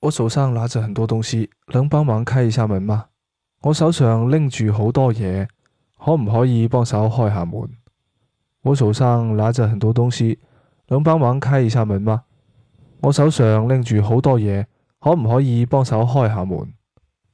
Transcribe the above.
我手上拿着很多東西，能幫忙開一下門嗎？我手上拎住好多嘢，可唔可以幫手開下門？我手上拿着很多東西，能幫忙開一下門嗎？我手上拎住好多嘢，可唔可以幫手開下門？